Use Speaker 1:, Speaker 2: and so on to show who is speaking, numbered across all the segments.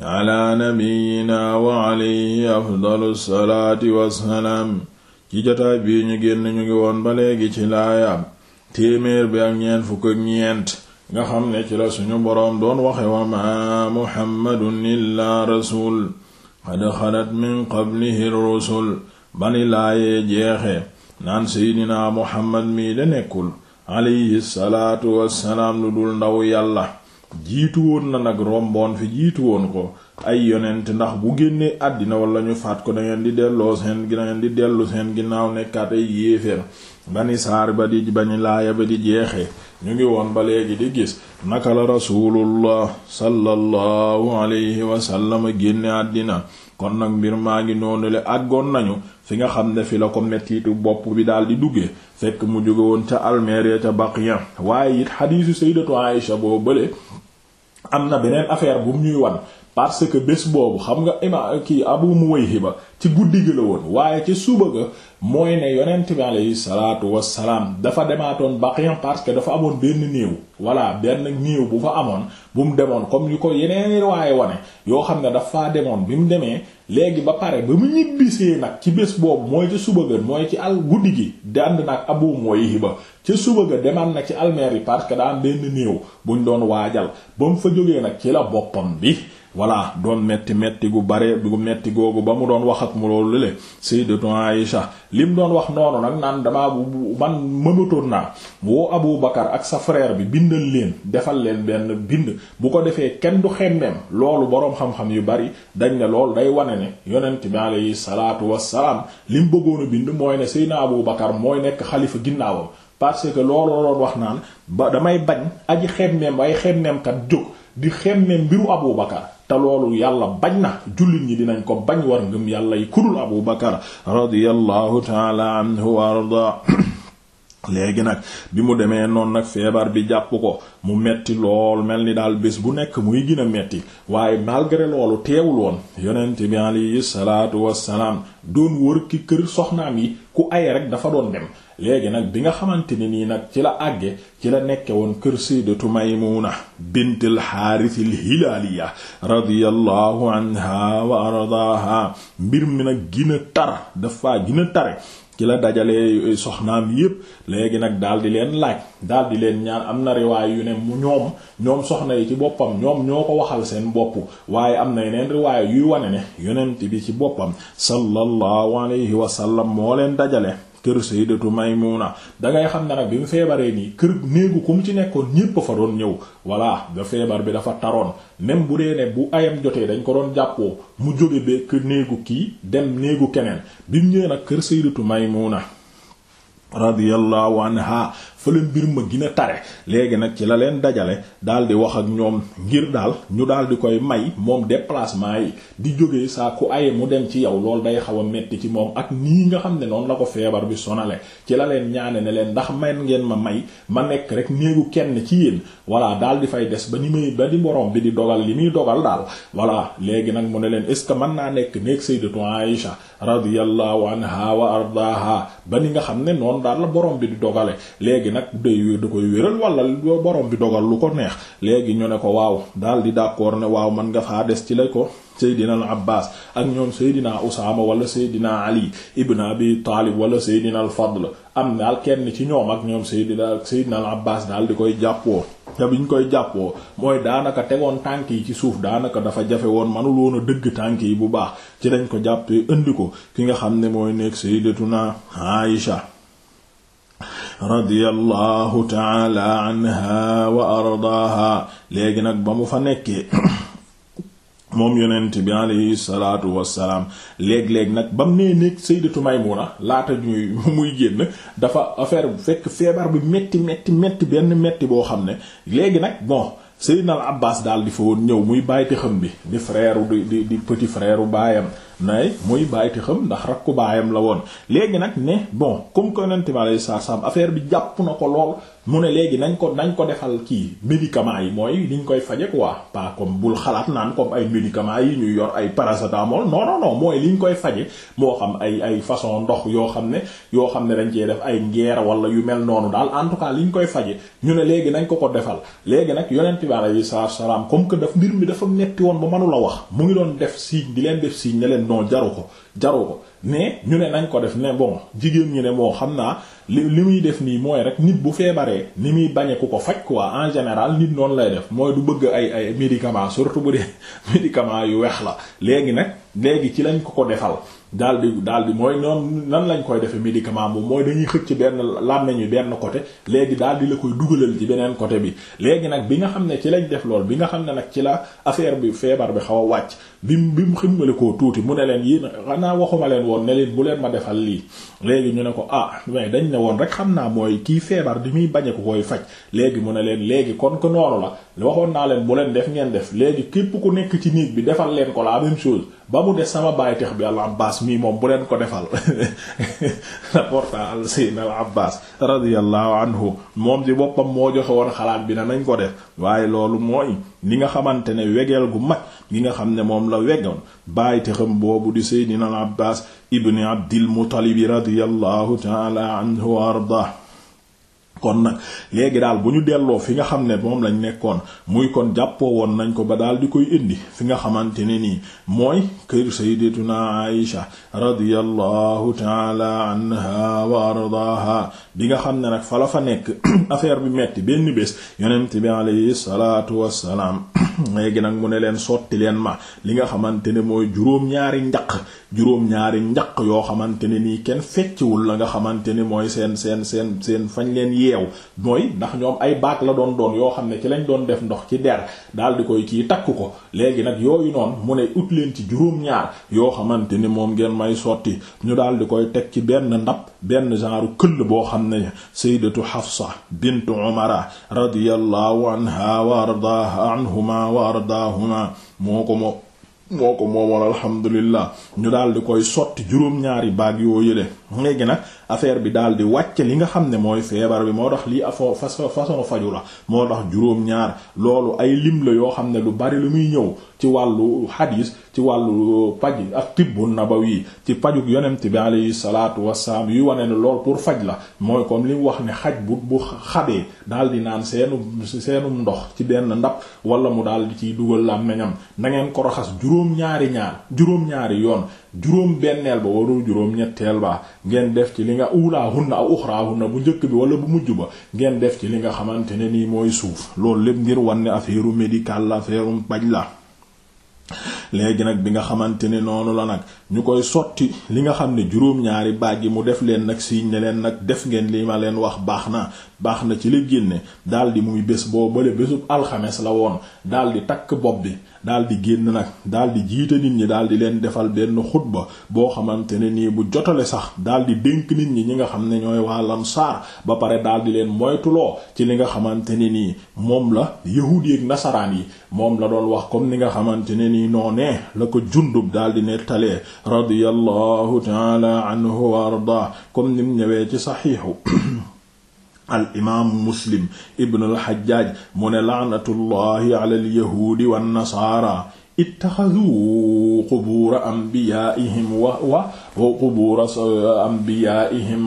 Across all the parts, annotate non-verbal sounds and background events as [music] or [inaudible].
Speaker 1: ala nabiyyina wa alayhi afdalu salaati wassalaam ci jotaay bii ñu génn ñu ngi woon ba léegi ci laaya téeméer bi ak ñeent fukk ak ñeent nga xam ne ci la suñu boroom doon waxe wa maa muhammadun illaa rasul qad xalat min qablihi rusul bani laayee jeexe naan seydinaa muhammad mii de nekkul alayhi salaatu wassalaam lu dul ndaw yàlla jiitu woon na nag romboon fi jiitu woon ko ay yonent ndax bu génnee àddina wala ñu faat ko da ngeen di delloo seen da di dellu seen ginnaaw nekkaat ay yéeféer bani saar ba di bañi ba di jeexee ñu ngi woon ba léegi di gis naka la rasulullah sallallahu alayhi wa sallam génne àddina kon nag mbir maa ngi noonule àggoon nañu fi nga xam ne fi la ko mettitu bopp bi daal di duggee fekk mu jóge woon ca almeria ca baqiya waaye it xadiisu sayyidatu Aïsha boo bële am na beneen affaire bu mu ñuy wan parce que bés boobu xam nga ima kii Abu Muwayhiba ci guddi gi la woon waaye ci suba ga mooy ne yonent bi aleyhi salaatu wassalaam dafa demaatoon ba Baqiya parce que dafa amoon benn néew voilà benn néew bu fa amoon bu mu demoon comme yu ko yeneen waaye wane yoo xam ne dafa demoon bi mu demee léegi ba pare ba mu ñibbisee nag ci bés boobu mooy ca suba ga mooy ci al guddi gi dand nag abu mooy hiba suba ga demaan na ci almeer yi parce que daan am benn néew ñu doon waajal ba mu fa jógee nag ci la boppam bi voilà doon metti metti gu bare gu metti googu ba mu doon wax ak mu loolu le sayyidatu Aïsha li mu doon wax noonu nag naan damaa bu man mënatoon naa woo Abu Bakar ak sa frère bi bindal leen defal leen benn bind bu ko defee kenn du xemmeem loolu boroom xam-xam yu bari dañ ne loolu day wane ne yonent bi alayhi salaatu wassalaam li mu bëggoon bind mooy ne Seydina Abu Bakar mooy nekk xalifa ginnaawam parce que loolu loolu wax naan ba damay bañ aji xemmeem ay xemmeemkat jóg di xemmeem mbiru Abu Bakar te loolu yàlla bañ na jullit ñi dinañ ko bañ war ngëm yàlla yi kudul Abu Bakar radiyallahu ta'ala anhu wa arda léegi nag bi mu demee noonu nag feebar bi jàpp ko mu metti lool mel ni daal bés bu nekk muy gën a metti waaye malgré loolu teewul woon yonent bi alayhi salaatu wassalaam doon wër ki kër soxnaam yi ku ay rek dafa doon dem léegi nag bi nga xamante ne nii nag ci la àgge ci la nekkee woon kër sayyidatu maymuna bint al-Haaris al-Hilaaliya anha wa ardaaha mbir mi nag gën a tar dafa gën tare ci la dajalee soxnaam yépp léegi nag daal di leen laaj daal di leen ñaan am na riwaay yu ne mu ñoom ñoom soxna yi ci boppam ñoom ñoo ko waxal seen bopp waaye am na yeneen riwaay yuy wane ne yonent bi ci boppam sallallahu alayhi wa sallam moo leen dajale kër sayyidatu Maymuna dangay xam ne nag bi mu feebaree nii kër néegu ko mu ci nekkoon ñépp fa doon ñëw voilà da feebar bi dafa taroon même bu dee ne bu ayam jotee dañ ko doon jàppoo mu jóge be kër néegu kii dem néegu keneen bi mu ñëwee nag kër sayyidatu Maymuna radiyallahu anha fële mbir ma gën a tare léegi nag ci la leen dajale daal di wax ak ñoom ngir daal ñu daal di koy may moom déplacement yi di jógee saa ku aye mu dem ci yow loolu day xaw a metti ci moom ak nii nga xam ne noonu la ko feebar bi sonale ci la leen ñaane ne leen ndax man ngeen ma may ma nekk rek néegu kenn ci yéen voilà daal di fay des ba ni may ba borom bi di dogal li muy dogal daal voilà léegi nag mu ne leen est-ce que mën naa nekk néeg sayyidatu Aïsha radiyallahu anha wa ardaha ba ni nga xam ne noonu daal la borom bi di dogale léegi nag day da koy wéral wala borom bi dogal lu ko neex léegi ñu ne ko waaw daal di d'accord ne waaw man nga faa des ci la ko Seydina al Abbas ak ñoom Seydina Usaama wala Seydina Ali ibn Abi Taalib wala Seydina al Fadl am daal kenn ci ñoom ak ñoom Seydina ak Seydina al Abbas daal di koy jàppoo te ñu koy jàppoo mooy daanaka tegoon tànk yi ci suuf daanaka dafa jafe woon manul woon a dëgg tànk yi bu baax ci lañ ko jàppee indi ko ki nga xam ne mooy nekk Sayyidatuna Aïsha radiyallahu taala anha wa ardaaha léegi nag ba mu fa nekkee [coughs] moom yonent bi alayhi salaatu wassalaam léeg-léeg nag ba mu nee néeg sayyidatu Maymuna laata ñuy [laughs] muy génn dafa affaire fekk feebar bi metti metti metti benn metti boo xam ne léegi nag bon Seydina al Abbas daal di fa woon ñëw muy bàyyiti xam bi di frère di di di petit frère baayam nay muy bàyyiti xam ndax rakku baayam la woon léegi nag ne bon comme que yonent bi alayhi salaam affaire bi jàpp na ko lool mu ne léegi nañ ko nañ ko defal kii médicaments yi mooy liñ koy faje waa pas comme bul xalaat naan comme ay médicaments yi ñuy yor ay paracétamol non non non mooy liñ koy faje moo xam ay ay façon ndox yoo xam ne yoo xam ne dañ cee def ay ngeer wala yu mel noonu daal en tout cas liñ koy faje ñu ne léegi nañ ko ko defal léegi nag yonent yi alayhi salaam comme que daf mbir mi dafa metti woon ba mënula wax mu ngi doon def signe di leen def signe ne leen jaru ko jaru mais ñu ne nañ ko def ne bon jigéen ñi ne moo xam naa li li muy def nii mooy rek nit bu feebaree ni muy bañe ku ko faj quoi en général nit noonu lay def mooy du bëgg ay ay médicaments surtout bu dee [laughs] médicaments yu weex la léegi nag léegi ci lañ ko ko defal daal di daal di mooy noonu nan lañ koy defee médicament moom mooy dañuy xëcc benn làmmeñu benn côté léegi daal di la koy dugalal ci beneen côté bi léegi nag bi nga xam ne ci lañ def lool bi nga xam ne nag ci la affaire bi feebar bi xaw a wàcc bi bi mu ximmale koo tuuti mu ne leen yii xanaa waxuma leen woon ne leen bu leen ma defal lii léegi ñu ne ko ah mais dañ ne woon rek xam naa mooy kii feebar di muy bañe ko koy faj léegi mu ne leen léegi kon ko noonu la waxoon naa leen bu leen def ngeen def léegi képp ku nekk ci néeg bi defal leen ko la même ba mu des sama bàyyi tex bi al Abbas Abbas mii moom bu leen ko defal [laughs] rapporta al Sayyidina al Abbas anhu moom di boppam moo joxe xalaat bi na nañ ko def waaye loolu mooy li nga xamante ne wegeel gu mag gi nga xam ne moom la wegoon bàyyi te xam boobu di Sayyidina al Abbas ibni Abdil Muttalib radiyallahu ta'ala anhu wa arda kon nag léegi daal bu ñu delloo fi nga xam ne moom lañ nekkoon muy kon jàppoo woon nañ ko ba daal di koy indi fi nga xamante ne nii mooy kër sayyidatuna Aïsha radiyallahu taala anha wa ardaaha bi nga xam ne nag fala fa nekk [clears throat] affaire bi metti benn bés yonent bi alayhi salaatu wassalaam [clears throat] léegi nag mu ne leen sotti leen ma li nga xamante ne mooy juróom-ñaari njaq juróom njaq yoo xamante ne nii kenn fecciwul la nga xamante ni mooy seen seen seen seen fañ leen yeew mooy ndax ñoom ay baag la doon doon yoo xam ne ci lañ doon def ndox ci der daal di koy kii takk ko léegi nag yooyu noonu mu ne ut leen ci juróom-ñaar yoo xamante ni moom ngeen may sotti ñu daal di koy teg ci benn ndab benn genre këll boo xam ne sayyidatu Hafsa bintu Umara radiyallahu anha wa ardaha anhuma wa ardaahuma moo ko moo moo ko moomoon alhamdulillah ñu daal di koy sotti juróom-ñaari baag yoo yële léegi nag affaire bi daal di wàcc li nga xam ne mooy feebar bi moo tax lii afoo façon façon faju la moo tax juróom-ñaar loolu ay lim la yoo xam ne lu bari lu muy ñëw ci wàllu hadis ci wàllu paj ak tibbu nabawi ci pajug yonent bi alayhi salaatu wassalaam yuy wane ne lool pour faj la mooy comme li wax ne xaj bu bu xabee daal di naan seenu seenum ndox ci benn ndab wala mu daal di ciy dugal làmmiñam na ngeen ko raxas juróom-ñaari ñaar juróom-ñaari yoon juróom benneel ba warul ngeen def ci li nga na a aw na bu njëkk bi wala bu mujj ba ngeen def ci li nga xamante ne nii mooy suuf loolu lépp ngir wan ne affaire médicale la affaire paj la léegi nag bi nga xamante ni noonu la nag ñu koy sotti li nga xam ne juróom-ñaari baag yi mu def leen nag siiñ ne leen nag def ngeen li ma leen wax baax na baax na ci li génne daal di muy bés boo bale bésub alxames la woon daal di takk bopp bi daal di génn nag daal di jiite nit ñi daal di leen defal benn xutba boo xamante ne nii bu jotale sax daal di dénk nit ñi ñi nga xam ne ñooy waa lamsaar ba pare daal di leen moytuloo ci li nga xamante ne nii moom la yahuudi ak yi nii noonee la ko jundub daal di nettalee radiyallahu taala anhu wa arda comme nim ñëwee ci saxiixu [clears throat] al imaamu muslim ibn al xajjaaj mu ne laanatullahi ala al yahuudi wan nasaara ittaxadu qubuura anbiyaa'ihim wa wa qubuura anbiyaa'ihim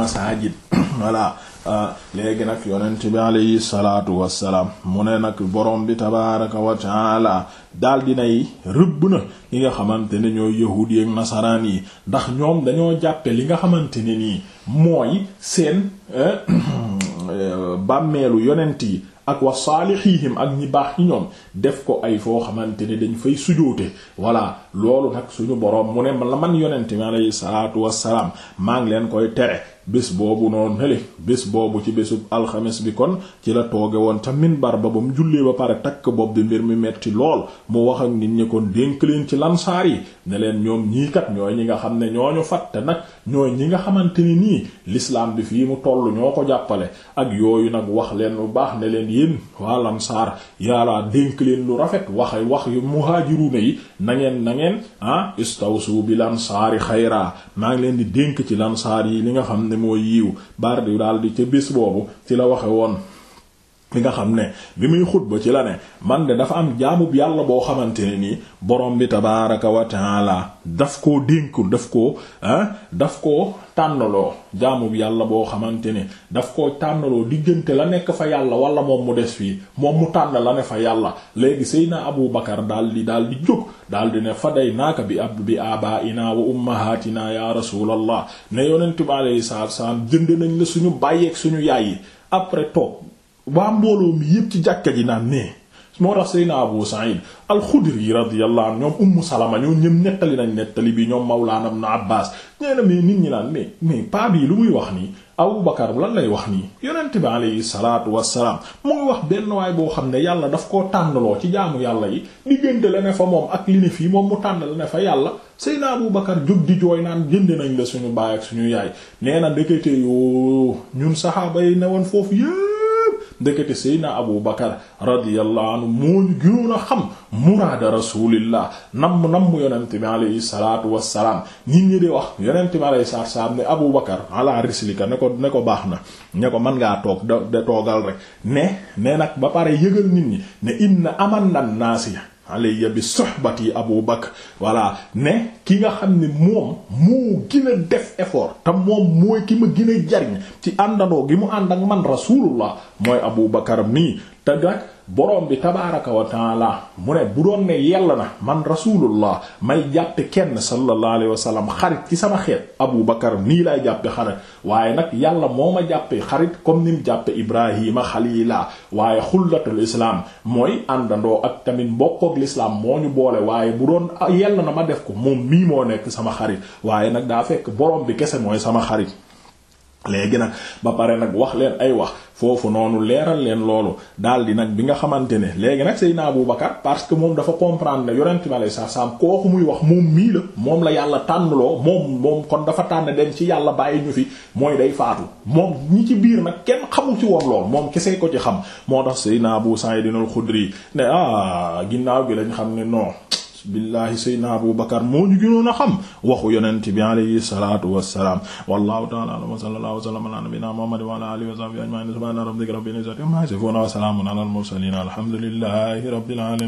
Speaker 1: masaajid [clears throat] voilà Ah, léegi nag yonent bi alayhi salaatu wassalaam mu ne nag borom bi tabaaraka wa taala daal dinay rëbb na li nga xamante ne ñoo yahuud yi ak nasaraan yi ndax ñoom dañoo jàppe li nga xamante ne nii mooy seen eh, [clears throat] bàmmeelu yonent yi ak wa saalihihim ak ñi baax ñi ñoom def ko ay foo xamante ne dañ fay sujoote voilà loolu nag suñu boroom mu ne la man yonent mi alayhi salaatu wassalaam maa ngi leen koy tere bés boobu noonu neli bés boobu ci bésub alxames bi kon ci la tooge woon ca min ba ba mu jullee ba pare takk bopp di mbir mi metti lool mu wax ak nit ñi kon dénk leen ci lansaar yi ne leen ñoom ñii kat ñooy ñi nga xam ne ñooñu fatte nag ñooy ñi nga xamante ni nii lislaam bi fii mu toll ñoo ko jàppale ak yooyu nag wax leen lu baax ne leen yéen waa lansaar yàlla dénk leen lu rafet wax wax yu yi nangeen nangeen leen ah istawsu bi lansaari xayraa maa ngi leen di dénk ci lansaar yi li nga xam ne moo yiw baar di daal di ca bis boobu ci la waxe woon bi nga xam ne bi muy xutba ci la ne man de dafa am jaamub yàlla boo xamante ne nii borom bi tabaaraka wa daf koo dénkul daf ko ah daf ko tànnaloo jaamub yàlla boo xamante ne daf koo tànnaloo diggante la nekk fa yàlla wala moom mu des fii moom mu tànn la ne fa yàlla léegi Seydina Abu Bakar daal di daal di jóg daal di ne fa faday naaka bi ab bi abaaina wa ummahaatina ya rasulallah ne yonent bi alayhi salaatu wa salaam jënd nañ la suñu bàyyeeg suñu yaay yi après waa mbooloo mi yépp ci jàkka ji naan nee moo tax Seydina Abu Sa'id al-Khudri radiyallahu anhu ñoom Ummu Salama ñoom ñëm nettali nañ nettali bi ñoom Mawlana Ibn Abbas nee na mais nit ñi naan mais mais paa bii lu muy wax nii Abu Bakar lan lay wax nii yonent bi alayhi salaatu wassalaam mu ngi wax benn waay boo xam ne yàlla daf koo tànnaloo ci jaamu yàlla yi diggante la ne fa moom ak li ne fii moom mu tànn la ne fa yàlla Seydina Abu Bakar jóg di jooy naan jënd nañ la suñu baay suñu yaay nee na ndekete yoo ñun saxaaba yi ne woon foofu yépp ndekete seydna abu bakar radiyallahu anhu moo ñu gënoon a xam muraada rasulillah nam namm yonente bi alayhi salatu wassalaam nit ñi di wax yonente bi alayhi salatu wassalaam ne abu bakar ala rislika ne ko ne ko baax na ne ko mën ngaa toog da da toogal rek ne ne nag ba pare yëgal nit ñi ne inna aman nan naasi alayya bi yi Abu Bakr voilà ne ki nga xam ni moom moo gën a def effort te moom mooy ki ma gën jariñ ci àndandoo gi mu ànd ak man rasulullah mooy Abu Bakar nii te nag borom bi tabaaraka wa taala mu ne bu doon ne yell na man rasulullah may jàppe kenn sallallahu alayhi wa sallam xarit ci sama xeet Abu Bakar nii laay jàppe xarit waaye nag yàlla moo ma jàppe xarit comme ni mu jàppe Ibrahima xalila waaye xullatul islaam mooy àndandoo ak tamit mbokkook lislaam moo ñu boole waaye bu doon ah, yell na ma def ko moom mii moo nekk sama xarit waaye nag daa fekk borom bi kese mooy sama xarit léegi nag ba pare nag wax leen ay wax foofu noonu leeral leen loolu daldi nag bi nga xamante ne léegi nag Seydina bu Bakar parce que moom dafa comprendre ne yonent bi alayhi kooku muy wax moom mii la moom la yàlla tànnloo moom moom kon dafa tànn dem ci yàlla bàyyi ñu fi mooy day faatu moom ñi ci biir nag kenn xamu ci woon lool moom kese ko ci xam moo tax Seydina Abu Sa'id al-Khudri ne ah ginnaaw bi lañ xam ne non. billaahi seydna abu bakar moo ñu gënoon a xam waxu yonent bi alayhi salaatu wassalaam wallahu ta'ala a'lam wa sallallahu wa sallam ala nabiyyina muhammad wa ala alihi wa sahbihi ajma'in subhana rabbika rabbil izzati amma yasifun wa salamun ala al mursalin alhamdulillahi rabbil alamin